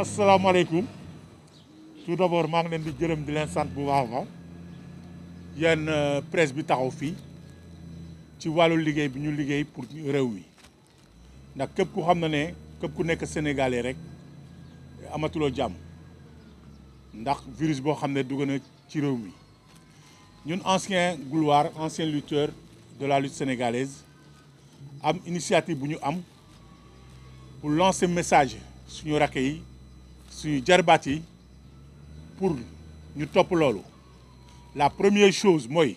asalaamaaleykum tout d'abord maa ngi leen di jërëm di leen sant bu baax a yéen euh, presse bi taxaw fii ci wàllu liggéey bi ñu liggéey pour réew mi ndax képp ku xam na ne képp ku nekk Sénégalais rek amatuloo jàmm ndax virus boo xam ne dugg na ci réew mi ñun ancien gloire ancien lutteur de la lutte sénégalaise am initiative bu ñu am pour lancer message suñu rakk yi suñu jarbaat pour ñu topp loolu la première chose mooy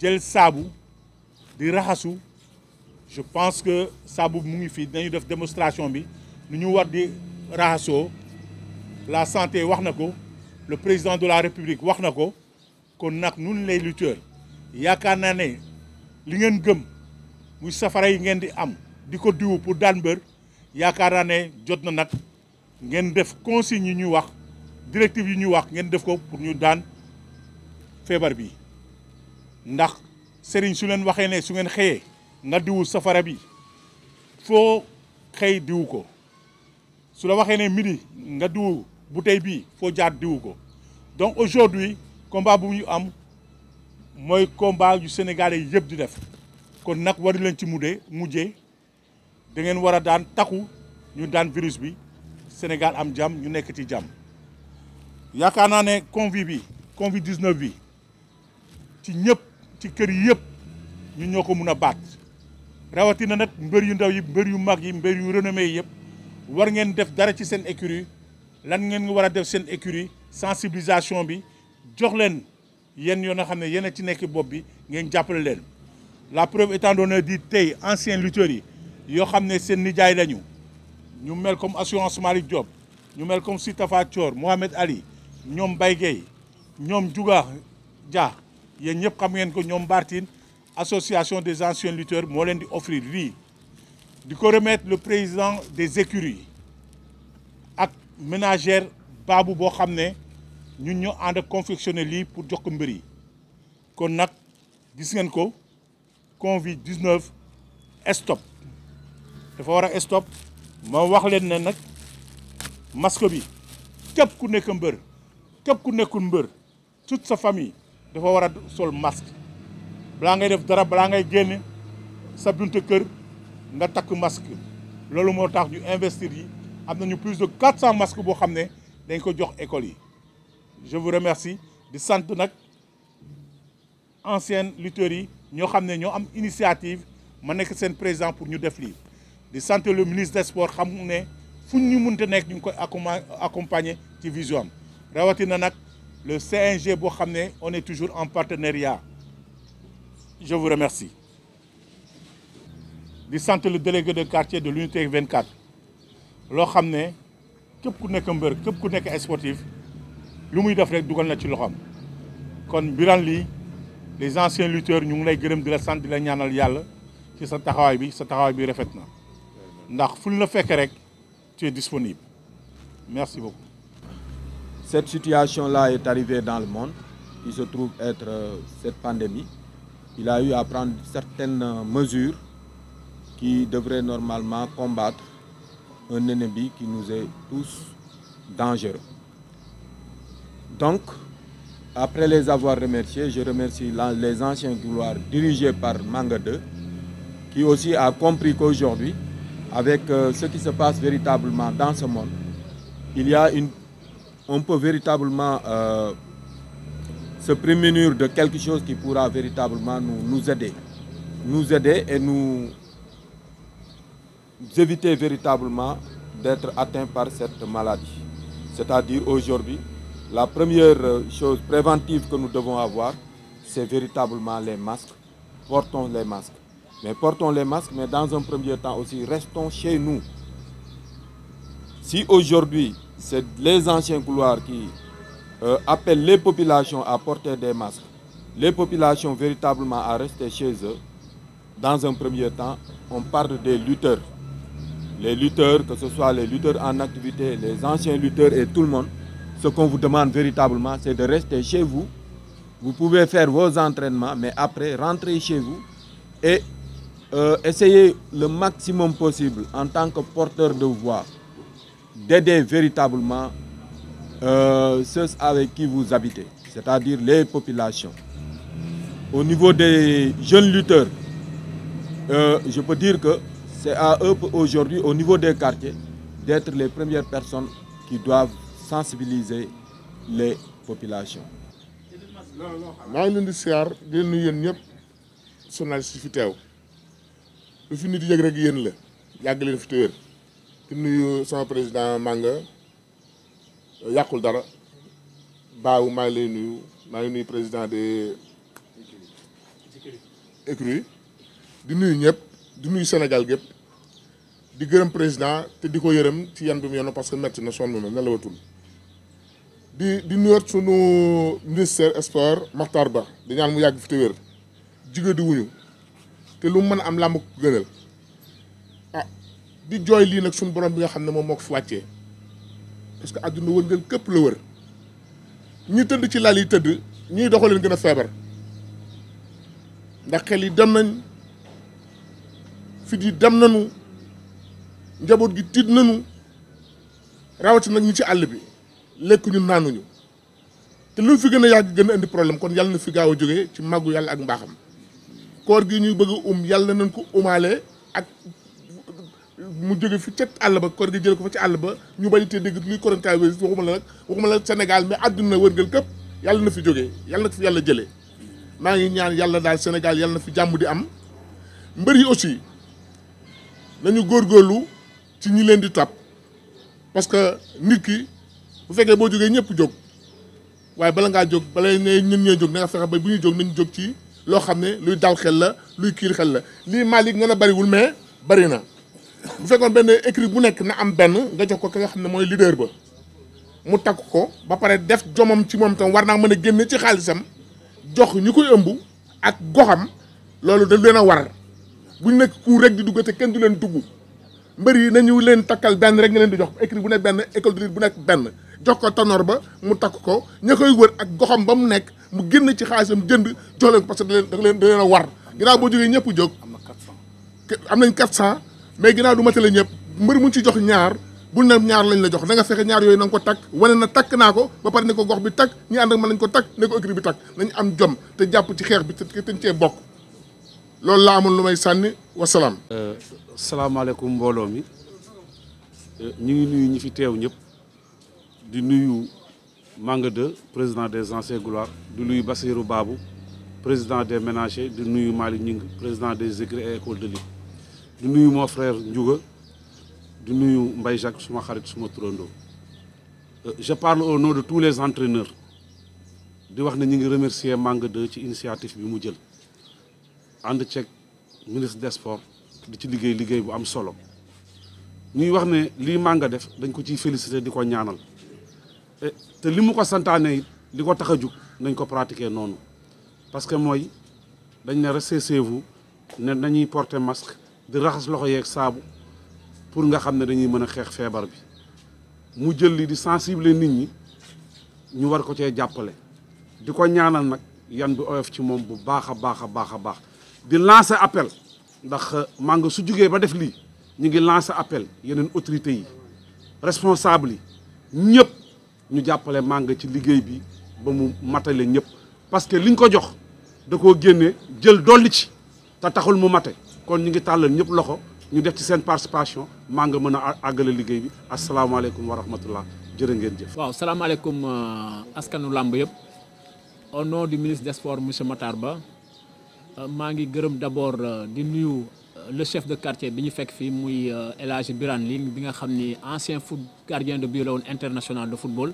jël saabu di raxasu je pense que saabu mu ngi fii dañu def démonstration bi nu ñu war di raxasoo la santé wax na ko le président de la république wax na ko kon nag nun les lutteurs yaakaar naa ne li ngeen gëm muy safara yi ngeen di am di ko diwu pour daan mbër yaakaar naa ne jot na nag ngeen def consignes yi ñuy wax directives yi ñuy wax ngeen def ko pour ñu daan feebar bi ndax sëriñ su leen waxee ne su ngeen xëyee nga diwu safara bi foo xëy diwu ko su la waxee ne midi nga diwu bouteille bi foo jaar diwu ko donc aujourd'hui combat bu ñu am mooy combat yu sénégalais yëpp di def kon nag waru leen ci mudee mujjee da ngeen war a daan takku ñu daan virus bi Sénégal am jàmm ñu nekk ci jàmm yaakaar naa ne Covid bi Covid 19 bi ci ñëpp ci kër yi yëpp ñu ñoo ko mun a baat rawatina nag mbër yu ndaw yi mbër yu mag yi mbër yu renommé yi yëpp war ngeen def dara ci seen écurie lan ngeen war a def seen écurie sensibilisation bi jox leen yenn yoo xam ne yéen a ci nekk bopp bi ngeen jàppale leen la preuve étant donné di tey anciens lutteurs yi yoo xam ne seen nijaay lañu ñu mel comme assurance Malick Diop ñu mel comme Sitafa Thior Mohamed Ali ñoom Baye ñoom Juga Dia yéen ñëpp xam ngeen ko ñoom Bartine association des anciens lutteurs moo leen di offrir lii di ko remettre le président des écuries ak ménagère baabu boo xam ne ñun ñu ànd ak confectionner lii pour jox ko mbër kon nag gis ngeen ko Covid 19 stop dafa a stop ma wax leen ne nag masque bi képp ku nekk mbër képp ku nekkul mbër toute sa famille dafa war a sol masque balaa ngay def dara balaa ngay génn sa buntu kër nga takk masque loolu moo tax ñu investir yi am nañu plus de quatre 400 masques boo xam ne dañ ko jox école yi je vous remercie di sant nag anciennes lutteurs yi ñoo xam ne ñoo am initiative ma nekk seen président pour ñu def lii di santé le ministre des sports xam ne fu ñu mënta nekk ñu ngi koy accompagner ci vision am rawatina nag le CNG boo xam ne on est toujours en partenariat je vous remercie. di sant le de quartier de l'unité 24 loo xam ne képp ku nekk mbër képp ku nekk sportif lu muy def rek dugal na ci loxoom kon Birane lii les anciens lutteurs ñu ngi lay gërëm di la sant di la ñaanal yàlla ci sa taxawaay bi sa taxawaay bi rafet na. ndax fu ñu la fekk rek tu es merci beaucoup. Cette situation-là est arrivée dans le monde il se trouve être euh, cette pandémie il a eu à prendre certaines euh, mesures qui devraient normalement combattre un ennemi qui nous est tous dangereux. Donc, après les avoir remerciés, je remercie les anciens couloirs dirigés par Manga de qui aussi a compris qu'aujourd'hui, avec euh, ce qui se passe véritablement dans ce monde, il y a une, on peut véritablement euh, se prémunir de quelque chose qui pourra véritablement nous, nous aider. Nous aider et nous éviter véritablement d'être atteints par cette maladie. C'est-à-dire aujourd'hui, la première euh, chose préventive que nous devons avoir, c'est véritablement les masques. Portons les masques. mais portons les masques, mais dans un premier temps aussi, restons chez nous. Si aujourd'hui, c'est les anciens couloirs qui euh, appellent les populations à porter des masques, les populations véritablement à rester chez eux, dans un premier temps, on parle des lutteurs. Les lutteurs, que ce soit les lutteurs en activité, les anciens lutteurs et tout le monde, ce qu'on vous demande véritablement, c'est de rester chez vous. Vous pouvez faire vos entraînements, mais après, rentrez chez vous Euh, essayer le maximum possible en tant que porteur de voix d'aider véritablement euh, ceux avec qui vous habitez, c'est-à-dire les populations. Au niveau des jeunes lutteurs, euh, je peux dire que c'est à eux aujourd'hui, au niveau des quartiers, d'être les premières personnes qui doivent sensibiliser les populations. maa ngi leen di siyaar yéen ñëpp journaliste yi lu fi nit yëg rek yéen la yàgg leen fi téwér di nuyu sama président Manga yàqul dara baaw maa ngi lay nuyu maa ngi nuyu président de écrui di nuyu ñëpp di nuyu Sénégal gépp di gërëm président te di ko yërëm ci yan bi mu yono parce que metti na sonn na nelawatul di di nuyuwaat sunu ministère sport Matar Ba di ñaan mu yàgg fi te wér jigéen di wuñu te lu mu mën a am làmb ko gënal ah di jooy lii nag suñu borom bi nga xam ne moom moo ko fi wàccee parce que àdduna wërngël képp la wër ñi tëdd ci lal yi tëdd ñuy doxal leen gën a feebar ndax xel yi dem nañ fit yi dem nañu njaboot gi tiit nañu rawati nag ñi ci àll bi lekk lekkuñu naanuñu te lu fi gën a yàgg gën a indi problème kon yàlla na fi gaaw a jóge ci màggu yàlla ak mbaaxam koor gi ñu bëgg um yàlla nañ ko umaale ak mu jóge fi ca àll ba koor gi jële ko fa ci àll ba ñu bañ te dégg luy coronavirus waxuma la nag waxuma la Sénégal mais àdduna wërngal këpp yàlla na fi jógee yàlla na fi yàlla jëlee maa ngi ñaan yàlla daal Sénégal yàlla na fi jàmm di am mbër yi aussi nañu góorlu ci ñi leen di topp parce que nit ki bu fekkee boo jógee ñëpp jóg waaye bala ngaa jóg bala ne ñun ñee jóg na nga fexe ba bu ñu jóg nañu jóg ci loo xam ne luy dal xel la luy kiir xel la lii Malick nga la bariwul mais bari na bu fekkoon benn écrit bu nekk na am benn nga jox ko ki nga xam ne mooy leader ba mu takk ko ba pare def jomam ci moom tam war naa mën a génne ci xaalisam jox ñu koy ëmb ak goxam loolu da leen a war buñ nekk ku rek di dugg te kenn du leen dugg mbër yi nañu leen takkal benn rek nga leen di jox écrit bu nekk benn école de lutte bu nekk benn jox ko tanor ba mu takk ko ña koy wër ak goxam ba mu nekk mu génn ci xaalisam jënd jox leen ko parce que da leen da leen da leen a war ginnaaw boo jógee ñëpp jóg am nañ 400 mais ginnaaw du matale ñëpp mbër mu ci jox ñaar bu ne ñaar lañ la jox da nga fexe ñaar yooyu na nga ko takk wane na takk naa ko ba pare ne ko gox bi takk ñi ànd ak man nañ ko takk ne ko écrit bi takk nañ am jom te jàpp ci xeex bi te te cee bokk loolu laa amoon lu may sànni wasalaam. Euh, salaamaaleykum mbooloo mi euh, ñu ngi nuyu ñi fi teew ñëpp. di nuyu Manga 2 président des anciens gloires di nuyu Bassirou Babou président des ménagers di nuyu Malick Ning président des écrits et école de lutte di nuyu moo frère njuga di nuyu Mbaye Jacques suma xarit suma turandoo euh, je parle au nom de tous les entraîneurs di wax ne ñu ngi remercier Manga 2 ci initiative bi mu jël ànd ceeg ministre des sports di ci liggéey liggéey bu am solo ñuy wax ne lii Manga def dañ ko ciy féliciter di ko ñaanal Eh, te li mu ko santaane li ko tax a jug nañ ko pratiquer noonu parce que mooy dañ ne restez chez vous nañuy porter masque raxas loxo yeeg saabu pour nga xam ne dañuy mën a xeex feebar bi mu jël li di sensible nit ñi ñu war ko cee jàppale di ko ñaanal nag yan bi oyof ci moom bu baax a baax a baax a baax di lancer appel ndax euh, Manga su jugee ba def lii ñu ngi lancer appel yeneen autorités yi responsable yi ñëpp ñu jàppale Manga ci liggéey bi ba mu matale ñëpp parce que liñ ko jox da koo génne jël dolli ci te taxul mu mate kon ñu ngi tàllal ñëpp loxo ñu def ci seen participation Manga mën a àggale liggéey bi asalaamaaleykum wa rahmatullah jërë ngeen jëf. waaw salaamaaleykum euh, askanu làmb yëpp au nom di ministre des sports monsieur Matar Ba euh, maa ngi gërëm d'abord euh, di nuyu. Euh, le chef de quartier bi ñu fekk fii muy euh, El Hadji Birane Ly bi nga xam ni ancien foot gardien de but la woon international de football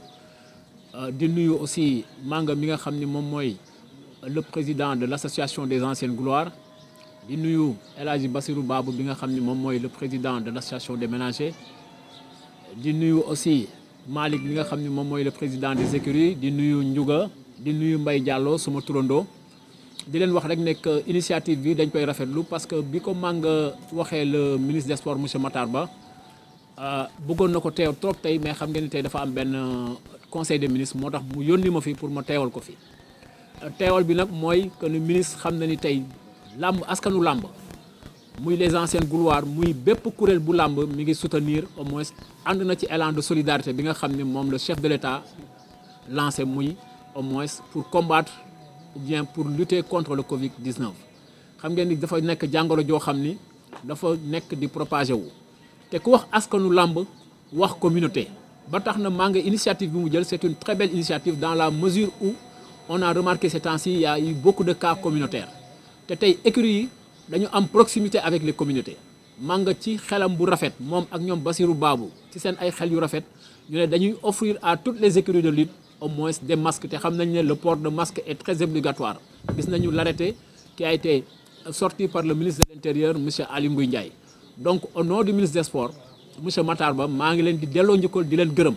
euh, di nuyu aussi Manga mi nga xam ni moom mooy le président de l' association des anciennes gloires di nuyu El Hadji bi nga xam ni moom mooy le président de l' association des ménagers di nuyu aussi Malick bi nga xam ni moom mooy le président des écuries di nuyu njuga di nuyu mbay Diallo suma turandoo di leen wax rek nekk initiative bi dañ koy rafetlu parce que bi ko Manga waxee le ministre des sports monsieur Matar Ba euh, bëggoon na ko teew trop tey mais xam ngeen ni tey dafa am benn euh, conseil de ministres moo tax mu yónni ma fi pour ma teewal ko fi euh, teewal bi nag mooy que le ministre xam na ni tey làmb askanu làmb muy les anciennes gloires muy bépp kuréel bu làmb mi ngi soutenir au moins ànd na ci élan de solidarité bi nga xam ne moom la chef de l'État lancé muy au moins pour combattre ou bien pour lutter contre le Covid 19 xam ngeen ni dafa nekk jàngoro joo xam ni dafa nekk di propagé wu. te ku wax askanu làmb wax communauté ba tax na maa initiative bi mu jël c'est une très belle initiative dans la mesure où on a remarqué ces temps-ci il y a cas communautaires te tey écuries yi dañu am proximité avec les communautés. maa ci xelam bu rafet moom ak ñoom Basirou baabu ci seen ay xel yu rafet ñu ne dañuy offrir à toutes les écuries de lutte. au moins des masques te xam nañ ne le port de masque est très obligatoire gis nañu l'arrêté qui a été sorti par le ministre de l'intérieur monsieur Aly Ngouille Ndiaye donc au nom du ministre des sports monsieur Ba maa ngi leen di delloo njëkkal di leen gërëm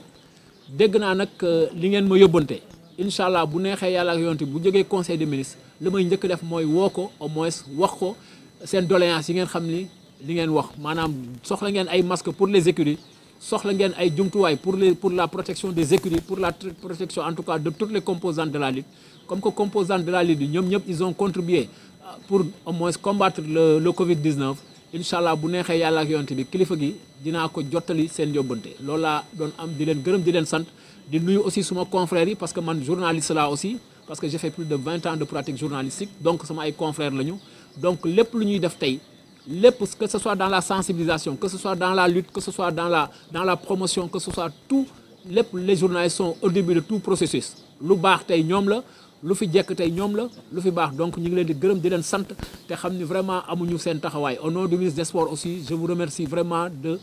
dégg naa nag euh, li ngeen ma yóbbante incha allah bu neexee yàlla ak yonte bu jógee conseil de ministres li may njëkk def mooy woo ko au moins wax ko seen doléance yi ngeen xam ni li ngeen wax maanaam soxla ngeen ay masques pour les écuries soxla ngeen ay jumtuwaay pour les pour la protection des écuries pour la protection en tout cas de toutes les composantes de la lutte comme que composantes de la lutte yi ñoom ñëpp ils ont contribué euh, pour au moins combattre le Covid 19 incha bu neexee yàlla ak yonte bi kilifa gi dinaa ko jottali seen yóbbante loolu laa doon am di leen gërëm di leen sant di nuyu aussi suma confrères yi parce que man journaliste laa aussi parce que j'ai fait plus de vingt ans de pratique journalistique donc sama lépp lu ñuy def tey. lépp que ce soit dans la sensibilisation que ce soit dans la lutte que ce soit dans la dans promotion que ce soit tout lépp les de tout processus lu baax tey ñoom la lu fi jekk tey ñoom la lu fi baax donc ñu ngi leen di gërëm di leen sant te xam ni vraiment amuñu seen taxawaay au nom du ministre des sports aussi je vous remercie vraiment de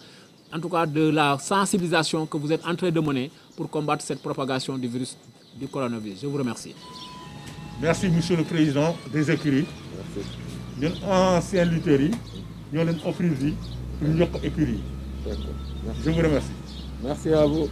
en tout cas de la sensibilisation que vous êtes en de mener pour combattre cette propagation du virus du coronavirus je vous remercie. merci des écuries. ñun anciens lutteurs yi ñoo leen offrir yi pour ñu yokk écurie yi. d'accord je vous remercie. merci à vous.